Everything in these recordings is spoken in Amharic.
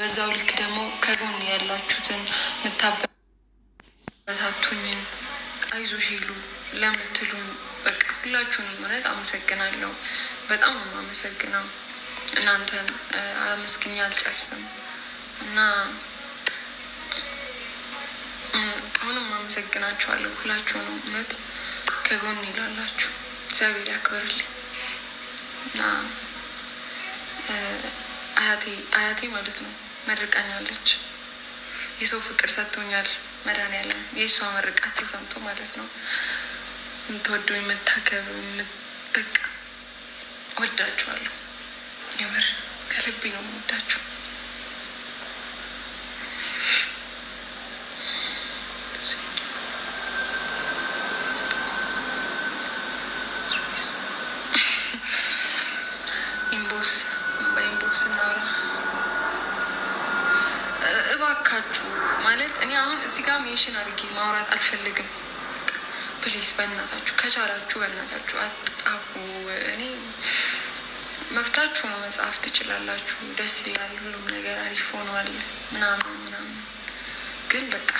በዛው ልክ ደግሞ ከጎን ያላችሁትን ምታበታቱኝን አይዞሽ ሄሉ ለምትሉ በቃ ሁላችሁንም ምረት አመሰግናለሁ። በጣም አመሰግነው እናንተን አመስግኛ አልጨርስም እና አሁንም አመሰግናችኋለሁ ሁላችሁን እውነት ከጎን ይላላችሁ እግዚአብሔር ያክብርልኝ እና አያቴ አያቴ ማለት ነው። መርቃኛለች። የሰው ፍቅር ሰጥቶኛል መድኃኒዓለም። የእሷ መርቃት ተሰምቶ ማለት ነው። የምትወዱ የምታከብ በቃ ወዳችኋለሁ። የምር ከልቤ ነው የምወዳችሁ። ኢንቦክስ በኢንቦክስ እናውራ። እባካችሁ ማለት እኔ አሁን እዚህ ጋር ሜሽን አድርጌ ማውራት አልፈልግም። ፕሊስ በእናታችሁ ከቻላችሁ በእናታችሁ አትጻፉ። እኔ መፍታችሁ ነው፣ መጽሐፍ ትችላላችሁ። ደስ ይላል፣ ሁሉም ነገር አሪፍ ሆኗል ምናምን ምናምን። ግን በቃ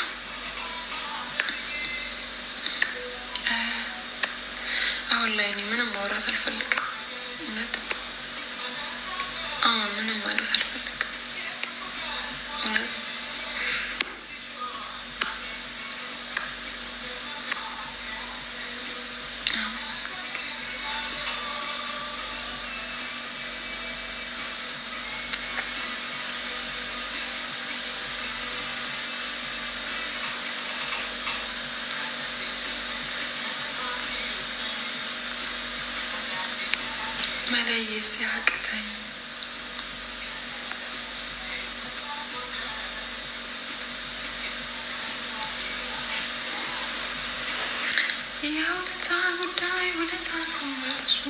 አሁን ላይ እኔ ምንም ማውራት አልፈልግም እውነት መለየት ሲያቅተኝ የውለታ ጉዳይ ውለታ ነው መልሱ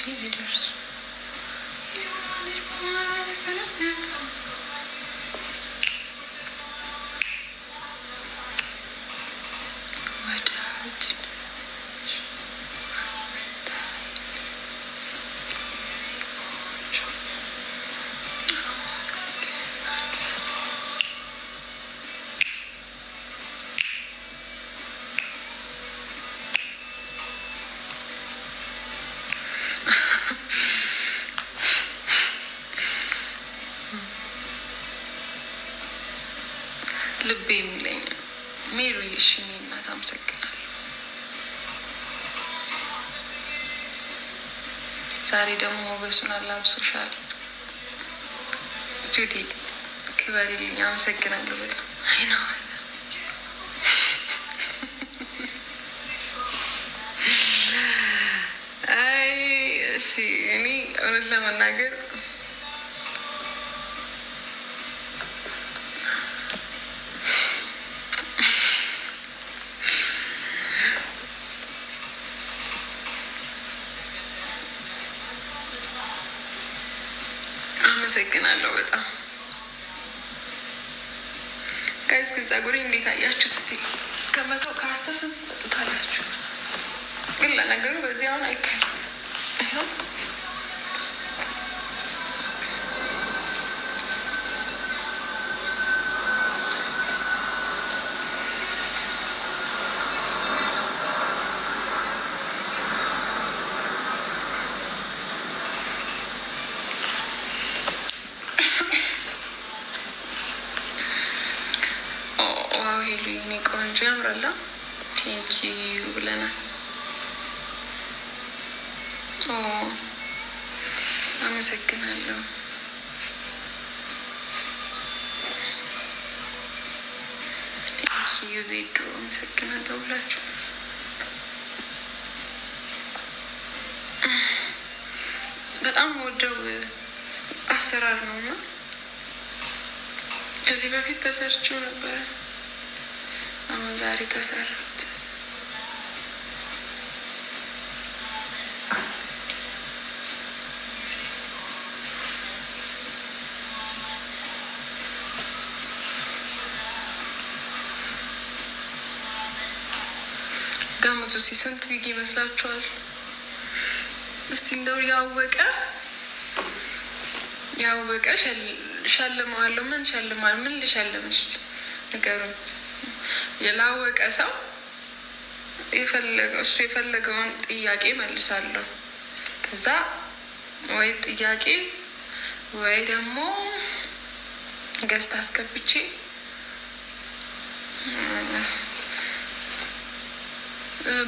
ሲደርሱ ልቤ የሚለኝ ሜሪ። እሺ እኔ እናት አመሰግናለሁ። ዛሬ ደግሞ ሞገሱን አላብሶሻል። ጁቲ ክበሪልኝ። አመሰግናለሁ በጣም አይነው እሺ እኔ እውነት ለመናገር አመሰግናለሁ በጣም ጋይስ። ግን ጸጉሬ እንዴት አያችሁት? እስቲ ከመቶ ከአስር ስንት ትሰጡታላችሁ? ግን ለነገሩ በዚህ አሁን አይታይም። ዲዛይናቸው ያምራላ። ቴንኪዩ ብለናል። አመሰግናለሁ። ቴንኪዩ ዜዶ አመሰግናለሁ ብላችሁ በጣም ወደው አሰራር ነው እና ከዚህ በፊት ተሰርችው ነበረ። ዛሬ ከሰራሁት ገምቱ እስኪ ስንት ቢግ ይመስላችኋል? እስቲ እንደው ያወቀ ያወቀ ሸልማዋለሁ። ምን ምን ልሸልምሽ? ንገሩኝ። የላወቀ ሰው እሱ የፈለገውን ጥያቄ መልሳለሁ። ከዛ ወይ ጥያቄ ወይ ደግሞ ገዝት አስገብቼ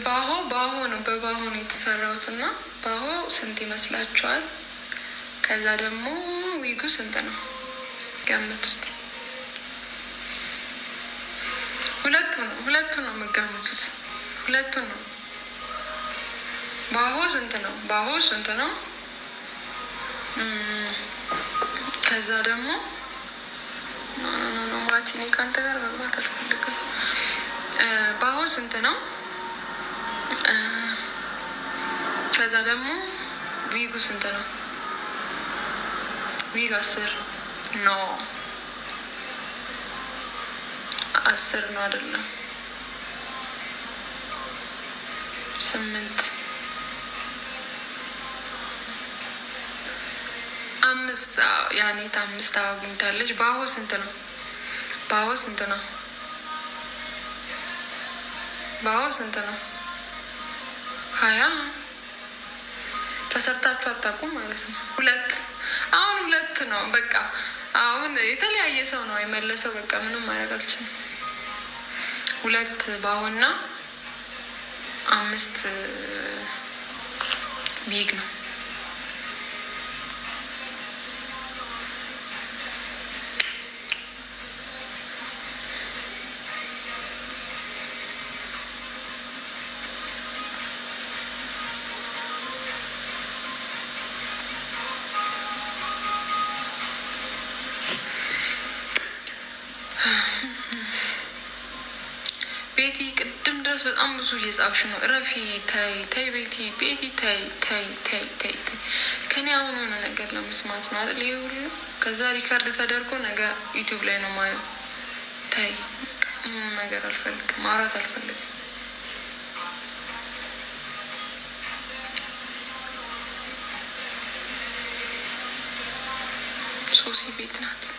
ባሆ ባሆ ነው በባሆ ነው የተሰራሁት እና ባሆ ስንት ይመስላችኋል? ከዛ ደግሞ ዊጉ ስንት ነው ገምት ውስጥ ሁለቱ ነው ሁለቱ ነው የምገምቱት። ሁለቱ ነው ባሁ ስንት ነው? ባሁ ስንት ነው? ከዛ ደግሞ ማቲኔ ከአንተ ጋር መግባት አልፈልግም። ባሁ ስንት ነው? ከዛ ደግሞ ዊጉ ስንት ነው? ዊግ አስር ነው። አስር ነው አይደለም? ስምንት አምስት ያኔት አምስት አግኝታለች። በአሁ ስንት ነው? በአሁ ስንት ነው? በአሁ ስንት ነው? ሀያ ተሰርታችሁ አታውቁም ማለት ነው። ሁለት አሁን ሁለት ነው በቃ። አሁን የተለያየ ሰው ነው የመለሰው። በቃ ምንም ማድረግ አልችልም። ሁለት ባሆና አምስት ቢግ ነው። ብዙ እየጻፍሽ ነው። እረፊ፣ ተይ ተይ፣ ቤቲ ቤቲ፣ ተይ ተይ ተይ ተይ ተይ። ከኔ አሁን የሆነ ነገር ለመስማት ነው አይደል? ይሄ ሁሉ ከዛ ሪካርድ ተደርጎ ነገ ዩቱብ ላይ ነው ማየው። ተይ፣ ምንም ነገር አልፈልግም፣ ማውራት አልፈልግም። ሶሲ ቤት ናት።